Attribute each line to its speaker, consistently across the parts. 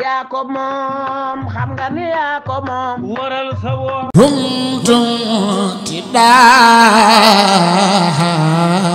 Speaker 1: yaa ko moom xam nga ni yaa ko moom waral sa woon. dum dum ti daa.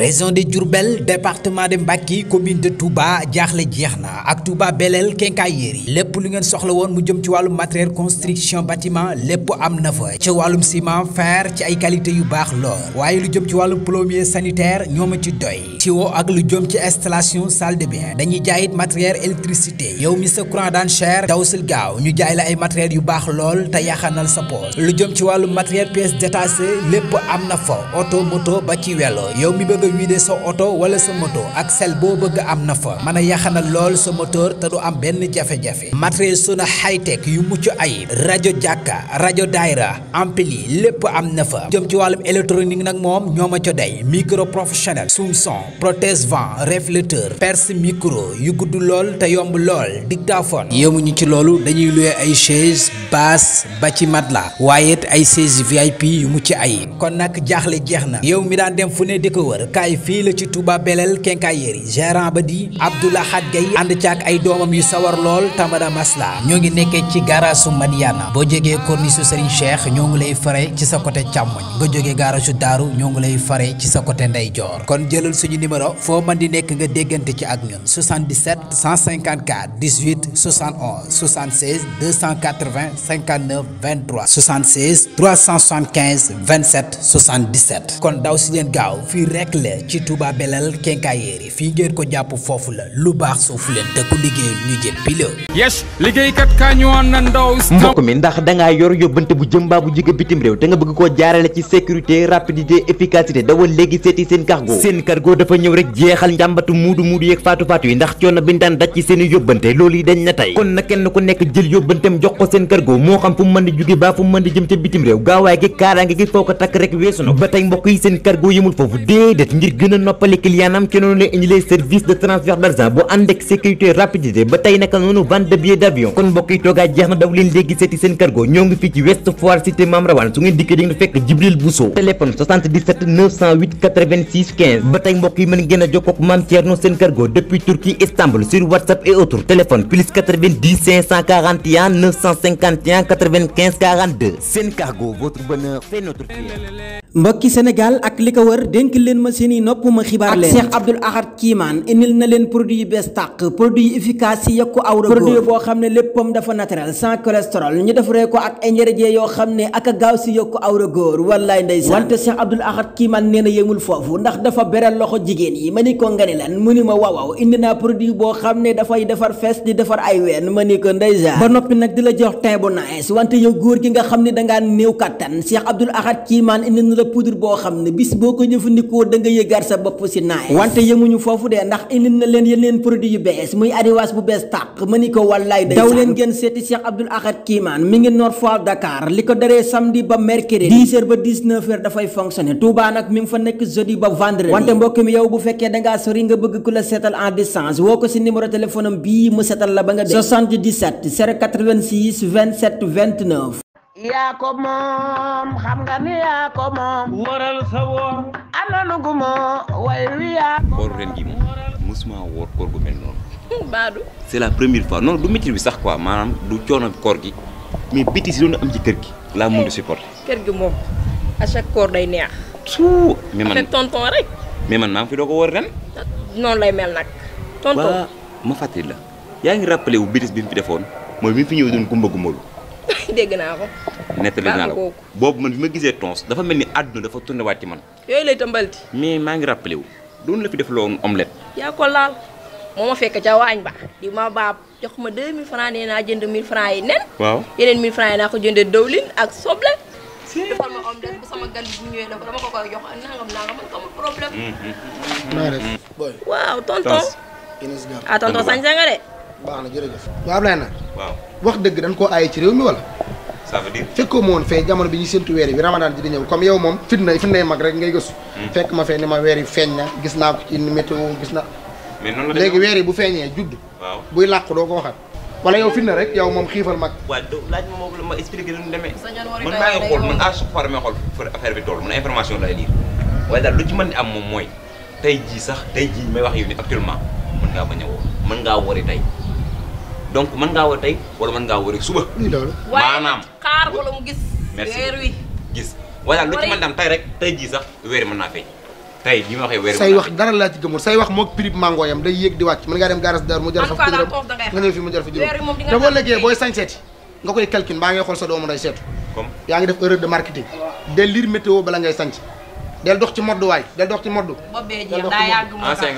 Speaker 2: Raison de Djourbel, département de Mbacké commune de Touba jaaxle jeex ak Touba Belel Quincaillerie Lepp lu ngeen soxla woon mu jëm ci walum matériel construction bâtiment lepp am na fa ci walum ciment fer ci ay qualité yu bax lool Waye lu jëm ci walum plombier sanitaire ñoma ci doy wo ak lu jëm ci installation salle de bain dañuy jaayit matériel électricité yow mi sa courant daan cher daw sil gaaw ñu jaay la ay matériel yu bax lool ta yaxanal sa poche lu jëm ci walum matériel pièces détachées lepp am na fa Auto, moto ba ci welo yow mi bëgg vidé sa oto wala sa moto ak sel boo bëgg am na fa mën a yaxanal lool sa moteur te du am benn jafe-jafe matériel sona high-tech yu mucc ayib rajo jàkka rajo daayra ampli lépp am na fa jëm ci wàllum électronique nag moom ñoo ma co day micro professionnel sumson protège vent réflecteur perce micro yu gudd lool te yomb lool dictaphone yémuñu ci loolu dañuy luwee ay chaise basse ba ci mat la waaye it ay chaise VIP yu mucc ayib kon nag jaaxle jeex na yow mi daan dëkkukaay fii la ci Touba Belel Quincaillerie gérant ba di Abdoulaye Hadj Gaye ànd caak ay doomam yu sawar lool tamada masla ñoo ngi nekkee ci garage su Madiana boo jógee corniche Serigne Cheikh ñoo ngi lay fare ci sa côté càmmoñ nga jógee garage su Daaru ñoo ngi lay fare ci sa côté ndeyjoor kon jëlal suñu numéro foo man di nekk nga déggante ci ak ñun 77 154 18 71 76 280 59 23 76 375 27 77 kon daw si leen gaaw fii rek la le ci Touba belal quincaillerie fi ngeen ko japp fofu la lu bax suufu len te ku liggey ñu jëppi la
Speaker 3: yes ka ñu ñëwoon na ndaw mbokk
Speaker 4: mi ndax nga yor yobante bu jëmba bu jige bitim rew te nga bëgg ko jaarale ci sécurité rapidité efficacité dawal léegi seeti seen cargo seen cargo dafa ñew rek jéxal njambatu mudu mudu yek fatu fatu yi ndax coono biñ dan dacc ci seen yobante loolu yi dañ na tay kon na kenn ku nekk jël yobantem jox ko seen cargo mo xam fu mën di jóge baa fu mën di jëm ci bitim réew gaawaay gi kaaraange gi foko tak rek weesu no ba tey mbokk yi seen cargo yëmul fofu dedet ngir gëna noppalé clientam ci noonu lay indilee service de transfert d'argent bu ànd ak sécurité rapidité ba tey naka noonu vente de billets d'avion kon mbokk yi toogaa jeex na daw leen léegi séti sen cargo ñoo ngi fii ci West Foire cité Mam Rawane su ngeen dikkee di ngeen fekk Jibril Bousso téléphone 77 908 86 15 ba tey mbokk yi mën gëna a jokkoo ak Mame Thierno seen cargo depuis Turquie Istanbul sur WhatsApp et autres téléphone plus 90 541 951
Speaker 1: 95 42 sen cargo votre bonheur fait notre prière mbokki Senegal ak lika wër denk leen ma seeni nopp ma xibaar leen cheikh abdul ahad kiman enil na leen produit yu bees produit efficace yi yokku awra produit bo xamne leppam dafa naturel sans cholestérol ñu defaree ko ak ay yo xamne ak gaaw si yokku awra góor wallaay ndeysaan wante cheikh abdul ahad kiman neena yemul fofu ndax dafa beral loxo jigen yi ma ko lan mu ni ma waaw indi naa produit bo xamne ne fay defar fess di defar ay ween ma ni ko ndeysaan ba nopi nak dila jox tay bu nice wante yow goor gi nga xamne da nga new katan cheikh abdul ahad kiman enil la poudre boo xam ne bis boo ko jëfandikoo da nga yëgaat sa bopp si naay wante yemuñu foofu dee ndax indil na leen yeneen produit yu bees muy adiwaas bu bees tàq ma ni ko wallaay daw leen ngeen seeti Cheikh Abdoul Ahad Kiimaan mi ngi Nord Foire Dakar li ko daree samedi ba mercredi 10 heures ba 19 heures dafay fonctionner Touba nag mi ngi fa nekk jeudi ba vendredi wante mbokk mi yow bu fekkee dangaa sori nga bëgg ku la seetal en distance woo ko si numéro téléphone am bii la ba nga dee 77 086 27 29 yaa ko moom xam nga ni yaa ko moom. waral sa woor. ananu gu ma way wi yaa
Speaker 4: ko. ren gi moom mosuma woor koor gu mel noonu. la première fois non du métier bi sax quoi maanaam du coono koor gi mais bétis yi doon am ci kër gi. laa eh, mun di supporter.
Speaker 5: kër gi moom day neex. suu mais
Speaker 4: mais man maa doo ko woor
Speaker 5: lay mel nag. tonton
Speaker 4: ma fàttali la yaa ngi rappelé wu bétis bi mu fi defoon mooy bi mu fi ñëw doon gumba gumbalu dégg naa ko. nettali naa la ko boobu man bi ma gisee tons dafa mel ni àdduna dafa tourné waat ci man. yooyu lay tëmbalti. mais maa ngi rappelé wu doon la fi def loon omelette.
Speaker 5: yaa ko laal moo ma fekk ca waañ ba di ma baab jox ma 2000 francs nee naa jënd yi nen. waaw yeneen 1000 ko jëndee dawlin ak soble. si defal ma omelette bu sama gan bu ñëwee na ko dama ko koy jox nangam nangam man amul problème. naa mm, mm, mm. def waaw tonton. Inès Gare ah tonton nga de. baax na jërëjëf.
Speaker 3: waaw Ablaye na. waaw wax dëgg dañ koo aaye ci réew mi wala. ça veut dire fekko mo won fe jamono bi ñi sentu wéré bi ramadan ji di ñew comme yow mom fitna fitna mag rek ngay gëss hmm. fekk ma fe ni ma wéri feñ na gis na ko ci météo gis na mais non la légui wéri bu feñé judd waaw buy laq do ko waxat wala yow fitna rek yow mom xifal mak
Speaker 4: wa do laaj mom ma expliquer lu démé man ma xol man am mom moy tay ji sax tay ji may wax yow ni actuellement man nga man nga
Speaker 5: xaar wala mu gis. weer wi
Speaker 4: gis. wala lu ci rek tey jii sax weer mën bi ma waxee weer say
Speaker 3: laa ci gëmul say wax moog prix mango yam day yéeg di wàcc mën ngaa dem garas dar mu jar fa juróom nga te boo léegee booy sañ seeti nga koy calcul mbaa ngay xool sa doomu nday seetu comme yaa ngi def erreur de marketing del bala ngay sañc del dox ci moddu waay del dox ci moddu
Speaker 5: bobbee jeex daa moo tax
Speaker 3: ancien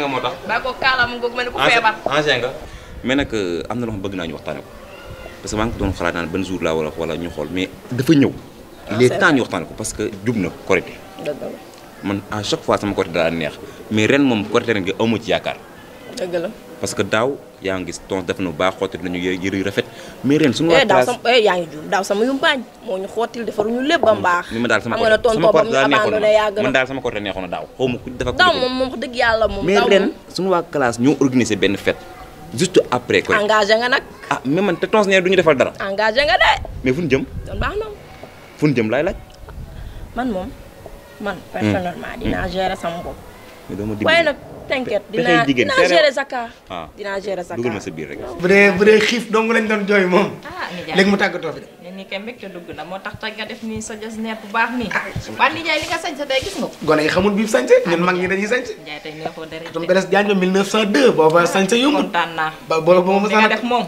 Speaker 3: nga maa ko moo tax
Speaker 5: baa
Speaker 4: ko euh, am na loo xam bëgg naa ñu waxtaane ko parce que maa ngi doon xalaat naan jour la wala wala ñu xol mais dafa ñew ah, il est temps ñu waxtan ko parce que jub na korité man à chaque fois sama côté da neex mais ren mom côté ren nga amu ci yakar deug la parce que daw ya nga gis ton def na ba xottil nañu yir yu rafet mais ren suñu eh, daaw
Speaker 5: eh ya nga juum daw sama yu baañ mo ñu xotil defaru ñu lepp ba mm. baax ni ma dal sama korité sama korité da neexoon man dal
Speaker 4: sama côté neexoon na daaw xaw ma ku dafa daaw moom
Speaker 5: moom wax dëgg yàlla moom mais ren
Speaker 4: suñu wa classe ñu organiser ben fête juste après. quoi engagé nga nag. ah mais man te tonse nee du ñu defal dara.
Speaker 5: engage nga de. mais fu ñu jëm. doon baax na. fu jëm laay laaj. man moom man. Hmm. personnellement hmm. dinaa gérer sama bopp.
Speaker 3: mais doo ma
Speaker 4: dimbali waaye
Speaker 5: nag t'inquiète dinaa dinaa gérer sa
Speaker 6: cas. waaw dinaa gérer sa ma sa
Speaker 3: biir rek. bu dee bu dee xiif dong lañ doon jooy moom.
Speaker 6: ah léegi mu tàggatoo fi de. nii kay mbégte dugg na moo tax tey nga def nii sa jas neer bu baax nii. Ah, waa li Ndiaye li nga sañse tey gis nga ko.
Speaker 3: gone yi xamul biib sañse ñun mag ñi dañuy sañse.
Speaker 6: Ndiaye tey neexoo dara
Speaker 3: itam Blaise Diagne ba 1902 booba sañse ah, yombul. kontaan naa ba boobu moom li nga def moom.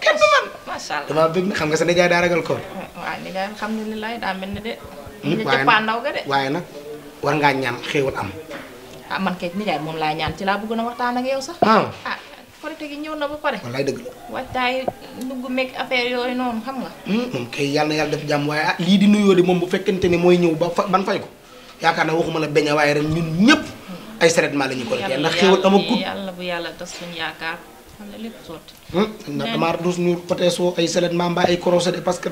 Speaker 6: kenn du man macha allah
Speaker 3: damaa bëgg xam nga sa nijaay daa ragal koor. Ah,
Speaker 6: waaw ni nga xam ne li lay daa mel ni de. Hmm, waaye nag jëppaa ndaw ga de. waaye nag
Speaker 3: war ngaa ñaan xéewal am.
Speaker 6: ah man kay nijaay moom laa ñaan ci laa bëgg na waxtaan ak yow sax. ah korite ñëw na ba pare. wallaay dëgg la. waajtaay dugg meeg affaire yooyu noonu xam nga.
Speaker 3: Hmm, moom kay yàlla yàlla def jàmm waaye ah lii di nuyoo di moom bu fekkente ni mooy ñëw ba fa ban fay ko yaakaar naa waxuma la waaye ren ñun ñëpp ay traitement la ñu ko defee ndax xéwal amagul yàlla
Speaker 6: bu yàlla tas suñu yaakaar xam nga lépp sotti.
Speaker 3: Hmm, na damaa dus ñu peut soo ay traitement mbaa ay corosé parce que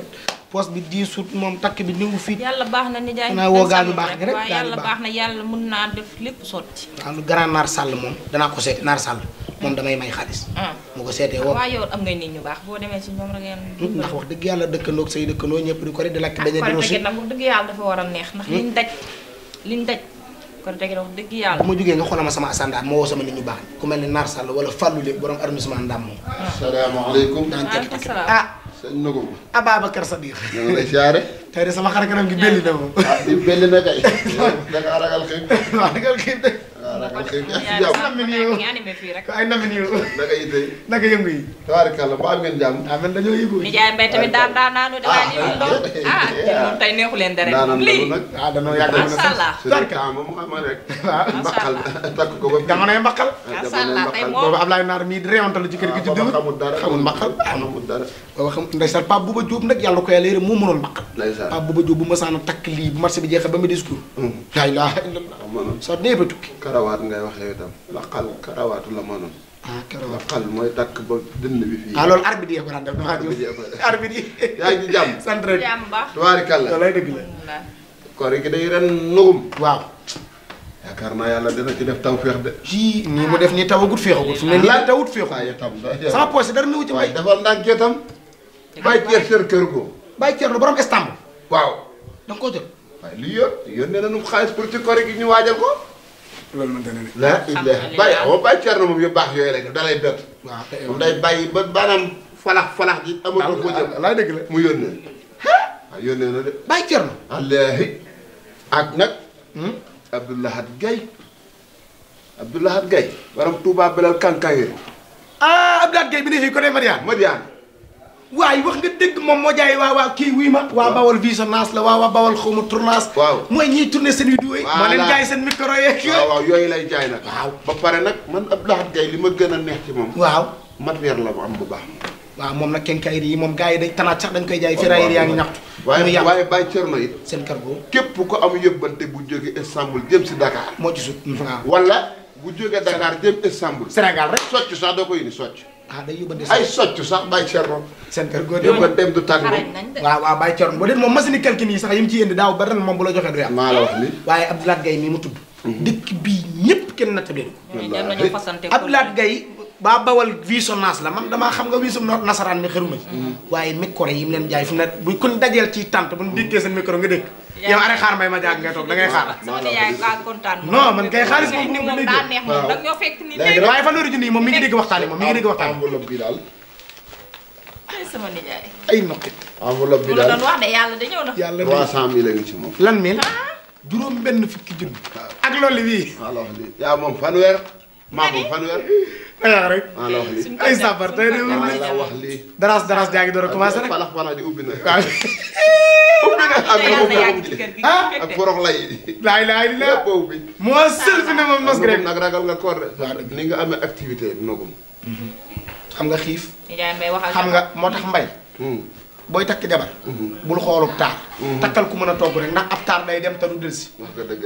Speaker 3: poche bi diisut moom takk bi néew fii.
Speaker 6: yàlla baax na nijaay xanaa woo gaañu baax gi rek. waaw yàlla baax na yàlla mun naa def lépp sotti.
Speaker 3: waaw lu grand naar sàll moom danaa ko seeti naar sàll moom damay may xaalis. Ah. mu ko seetee woo. waaw
Speaker 6: yow am ngay nit ñu baax boo demee ci ñoom rek ngeen. ndax wax
Speaker 3: dëgg yàlla dëkkandoo ak say dëkkandoo ñëpp di ko rek di lakk dañuy. dund si ah nag
Speaker 6: wax dëgg yàlla dafa war a neex. ndax hmm? liñ daj liñ daj. kon dëgg wax dëgg yàlla. bu ma
Speaker 3: jógee nga xoolal ma sama asandaar moo woo sama nit ñu baax ku mel ne Naar Sall wala Fallou Lé borom arrondissement Ndam moom. Hmm. asalaamaaleykum. waaleykum salaam ah. sëñ Nogo. Ababacar Sadiq. ñu ngi lay siyaare. tey de sama xar kanam gi belli na moom. ah di belli na kay. da nga ragal xiif. waaw ragal xiif de. anime fi rek ay namin yu naka yité gitu. naka yëngu yi tabarakallah ba am ngeen kan jam amen dañu yëgu ni jaay mbay tamit daan
Speaker 6: daan ah té mom tay neexu leen dara li
Speaker 3: ah dañu yag na sax tabarakallah mom am rek mbakal tak ko ba dama ne mbakal salah tay mom bobu ablay nar mi rewantal ci kër gi ci deul xamul dara xamul mbakal xamul dara bobu xam ndaysal pap buba job nak yalla ko yalla yere mo mënon mbakal pap buba job bu ma saana tak li marché bi jeexal ba mi discours hmm. la ilaha illallah eh? sa nebetu karawat arab ngay waxee itam laqal karawaatu la mënoon. ah karawaatu laqal mooy takk ba dënn bi fii. ah loolu arbitre yi ko daan def damaa jóg arbitre yi. yaa ngi ci jàmm sant rek jàmm
Speaker 6: baax. tubaarikàlla loolay la.
Speaker 3: koor ci def taw féex de. jii nii mu def nii tawagut féexagut. fu mu ne nii daal tawut féexu. waaye tam sama poche dara newu ci waay. defal ndànk kee tam. bàyyi ceer seen kër goo. bàyyi ceer lu borom Istanbul. waaw. da koo jël. waaye li yor yónnee nañu xaalis pour ci koor ñu waajal ko loolu mënta na de. la illah bàyyi awa moom yëpp baax yooyu lay def da lay bett. waaw te moom day bàyyi ba maanaam falax falax ji. amatul ko jëm laa dëgg a mu yónnee. ah yónnee na de bàyyi Thierno. wallaahi ak nag. Hmm? Abdoulahad Gaye Abdoulahad Gaye. waram Touba Belal Kankaye. ah Abdoulahad Gaye bi ne fii côté Madiane Madiane. waaye wax nga dëgg moom moo jaay waa waa kii wii ma. waa bawal visionnage la waa waa bawal xaw ma tournage. waaw mooy ñiy tourné seen vidéo yi. moo leen jaay seen micro yeeg yooyu. waaw yooyu lay ma gën a neex moom. waaw matériel la mu am bu baax. waaw moom nag kenkaayri yi moom gars yi dañ tanaat sax dañ koy jaay ferraille yaa ngi ñaxtu. waaye waaye bàyyi Thierno it. seen cargo képp ko am yëbbante bu jógee Istanbul jëm si Dakar. moo ci sut. wala bu jógee Dakar jëm Istanbul. Sénégal rek socc sax doo ko indi socc ah day yóbbante ay soccu sax Baye Thierno. seen kër góor yóbbanteem du tàggu. waaw waaw Baye Thierno bu dee moom machine quelqu'un yi sax yi mu ciy indi daaw ba ren moom bu la joxee du yàqu. maa la wax ni waaye Abdoulaye Gaye mii mu tudd. Mhm. dëkk bii ñëpp kenn natt leen ko. wallaahi baa bawal visonnance la man damaa xam nga visum nasaraan mi xëruma mhm. ci. waaye micro yi mu leen jaay fi mu ne bu kon dajeel ci tànt bu ñu déggee seen micro nga dégg yow are xaar may ma jàng ngay toog da ngay xaar.
Speaker 6: non man kay xaalis moom ni mu ngi dégg. waaw léegi waaye
Speaker 3: fanweeri junni yi moom mi ngi dégg waxtaan yi moom mi ngi dégg waxtaan enveloppe
Speaker 6: ay sama nijaay.
Speaker 3: ay noqit. enveloppe bi yàlla da a ngi lan mil.
Speaker 6: Ah? juróom
Speaker 3: benn fukki junni. Ah. ak loolu lii. yaa moom fanweer. maa ko fanweer. danga rek. wax lii ay saafara tey de. maa la wax lii. daraas daraas jaa ngi door a commencé rek. falax falax na. waaw. ubbi na ak ak laay laay la ubbi. moo sël fi ne ma mos rek nag ragal nga koor de. ni nga amee activité nogum. Mhm. xam nga xiif.
Speaker 6: xam nga moo tax mbay.
Speaker 3: Hmm. booy takk jabar mhm. bul xoolub taar mhm. takkal ku mën a togg rek ndax ab taar day dem te du delsi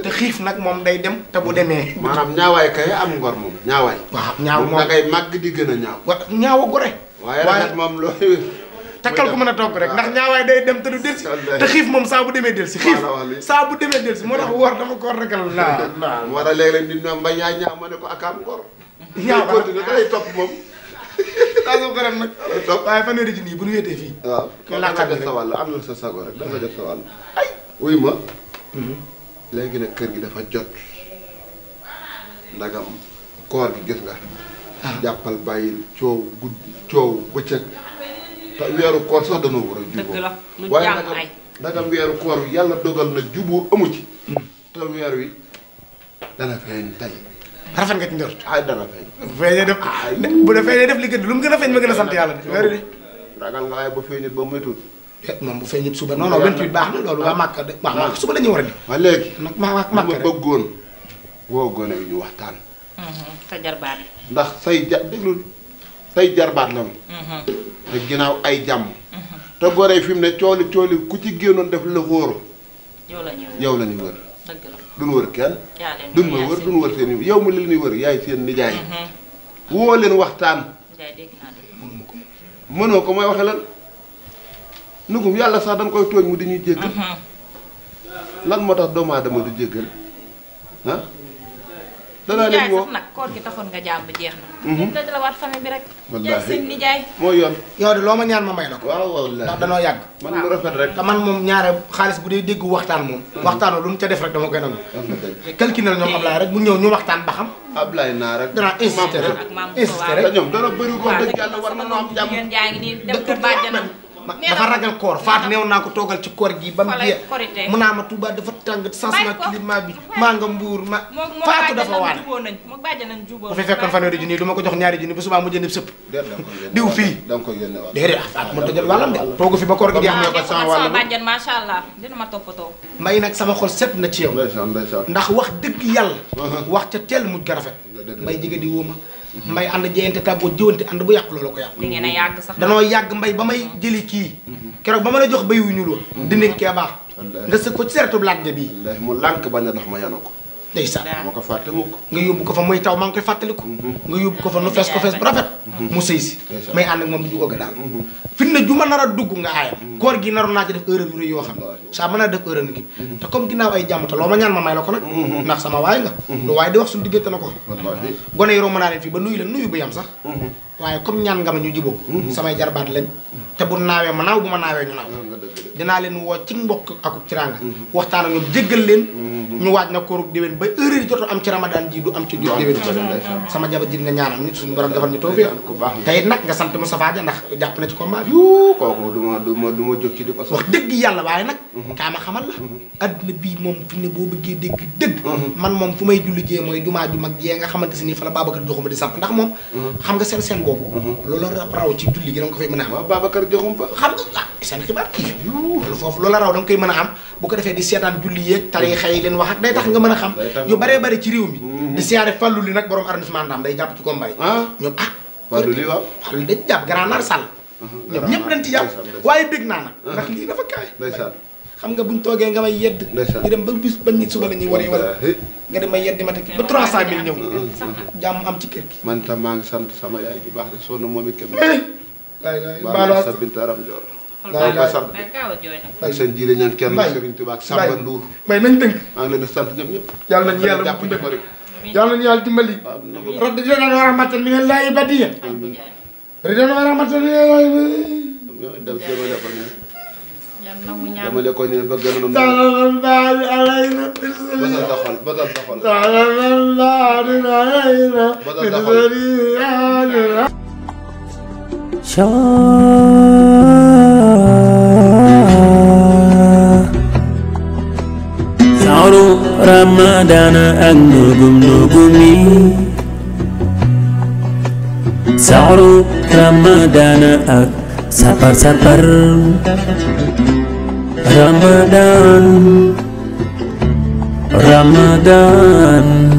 Speaker 3: te xiif nag moom day dem te bu demee maanaam ñaawaay kay am ngor moom ñaawaay waaw ñaaw moom da ngay màgg di gën a ñaaw wa ñaaw a gore waaye rafet moom loolu takkal ku mën a togg rek ndax ñaawaay day dem te du moom saa bu demee delsi xiif saa bu demee delsi moo tax woor dama ko ragal la war a léeg-léeg di ñoom ba ñaa ñaaw ma ne ko ak am ngor ñaaw ko day topp moom daa soo gërëm nag. waaye fanweeri junni bu ñu wéetee fii. waaw nga laqal rek sa wàll am na sa sago rek dafa def sa wàll. ay wuy ma. Mhm. léegi nag kër gi dafa jot ndagam koor gi gis nga. Ah. jàppal bàyyil coow guddi coow bëccëg. te weeru koor sax danoo war a juboo
Speaker 6: dëgg la lu jàmm ay
Speaker 3: ndagam weeru koor yàlla dogal na juboo amu ci. Hmm. te weer wi dana feeñ tey. rafet nga ci njort. ay dana feeñ. feeñee def bu dee feeñee def li gën lu mu gën a feeñ ma gën a sant yàlla de. weer de ragal nga waaye ba feeñut ba moytuwul. Eh, moom bu suba non non 28 na de waaw a léegi ma ma Màkka rek ma bëggoon woo gone yi ñu waxtaan.
Speaker 6: Mm-hmm. sa jarbaat.
Speaker 3: ndax say ja déglu say jarbaat la mm-hmm. te ginnaaw ay jàmm. Mm-hmm. te gore yi fi mu ne cooli cooli ku ci génnoon def la wóor. yow la ñuy wër duñ wër kenn duñ ma wër duñ wër seen i yow mi li ñuy wër yaay seen nijaay mm-hmm. woo leen waxtaan mënoo ko may waxe lan nugum yàlla sax dañ koy tooñ mu di ñuy jéggal mm-hmm. lan moo tax doomu aadama du jéggal
Speaker 6: danaa leen woo nag koor gi taxoon nga jàmm jeex na. Mhm. ñu dajalawaat famille bi rek. wallaahi nijaay
Speaker 3: mooy yoon. yow de loo ma ñaan ma may la ko. waaw wallaahi ndax danoo yàgg. man lu te man moom ñaare xaalis bu dee dégg waxtaan moom. Mhm. waxtaanoo lu mu ca def rek dama koy nangu. calculé ñoom Ablaye rek bu ñëw ñu waxtaan ba xam. Ablaye naa rek. danaa insisté rek insisté rek. te ñoom dara bëri ko wax dëgg yàlla war na noo am jàmm. dafa ragal koor faat neew na ko togal ci koor gi bam mu
Speaker 6: jeex ma
Speaker 3: Touba dafa tàng sansna climat bi maa nga mbuur ma faatu dafa
Speaker 6: waane bu fi fekkon
Speaker 3: fanweeri junni du duma ko jox ñaari junni bu suba mu jëndib sepp diw fi dang koy fii wa ah faat mën ta walam wàllam de toogu fi ba koor gi di jeex ne ko sans wàllam
Speaker 6: ma sha allah dina ma toppatoo
Speaker 3: may nak sama xol sepp na ci yow ndax wax dëgg yalla uh-huh. wax ca tel mu ga rafet mbay jigéen di wuma Mhm. mbay ànd jeyante tàggoo jiwante ànd bu yàq loolu ko yàq. dangeen a
Speaker 6: yàgg sax danoo yàgg
Speaker 3: mbay ba may mhm. jëli kii. Mhm. keroog ba ma la jox bay wu ñu loo. dinañ kee baax. nga sëg ko ci seretu laaj bi. mu lànk ba a dox ma yanoo ko. ndeysaan moo ko fàtte mukk nga yóbbu ko fa muy taw maa ngi koy fàttaliku mhm. nga yóbbu ko fa nu fees ko fees bu rafet mhm. mu sëy si may ànd ak moom di jugóoga daal mhm. fin na nar a dugg nga aayam a comme ginnaaw ay jàmm te loo ma ñaan ma may la ko nag ndax sama waay nga waaye di wax suñu diggante na ko gone yi romb naa leen fii ba nuyu la nuyu bu yam sax waaye comme ñaan nga ma ñu jiboo samay jarbaat lañ te bu naawee ma naaw bu ma naawee ñu naaw dina len wo ci ak ci ciranga waxtan ak mhm. mhm. ñu jéggal len ñu waj na koorub déwén ba heure yi am ci ramadan ji du am ci jot déwén sama jabar jinn nga ñaanal nit suñu borom defal ñu tawfiq tay nak nga sant Moustapha ja ndax japp na ci combat yu koku duma duma duma jox ci diko wax dëgg yalla waye nak mhm. ka ma xamal la aduna bi mom fi ne bo beugé dégg dëgg man mom fu may julli jee moy jumaa ju mag jee nga xamante fa la babakar joxuma di sap ndax mom xam nga sen sen bobu lolu raw ci julli gi nga ko fay mëna babakar joxum ba xam nga ah, seen xibaar kii loolu foofu loola raw dang koy mëna am bu ko defé di sétan julli yeeg tariixa yi len wax ak day tax nga mëna xam yu bëree bëri ci réew mi mhm. di siaré fallu li nak borom arrondissement Ndam day japp ci ko ñom ah, ah fallu li waaw fallu dañ japp grand nar sàll mhm. ñoom ñëpp dañ ci japp waye big na nak nak li dafa kawe xam nga buñ togué nga may yedd di dem ba bis bañ nit suba la ñuy war wala nga dem may yedd ma tek ba 300000 ñew mille mm-hmm. am ci kër gi man ta ma ngi sant sama yaay ju baax de sonu sonn moom it kenn eh! baalu sa bint aram joor Jangan la sant ak seen jiile ñaan kenn serigne touba ak samba ndu may nañ teunk ma ngi leen sant ñom ñep yalla nañ yalla bu ndek yalla nañ yalla dimbali rabb dina na rahmatan min allah ibadiya ridwan wa rahmatan min allah dal ci ma defal ne dama le ko ne bëgg na mu baal alayna bëggal taxal bëggal taxal sallallahu alayhi wa
Speaker 5: sallam
Speaker 1: ramadana ak nugum nugumi sahru ramadana ak sapar-sapar ramadan ramadan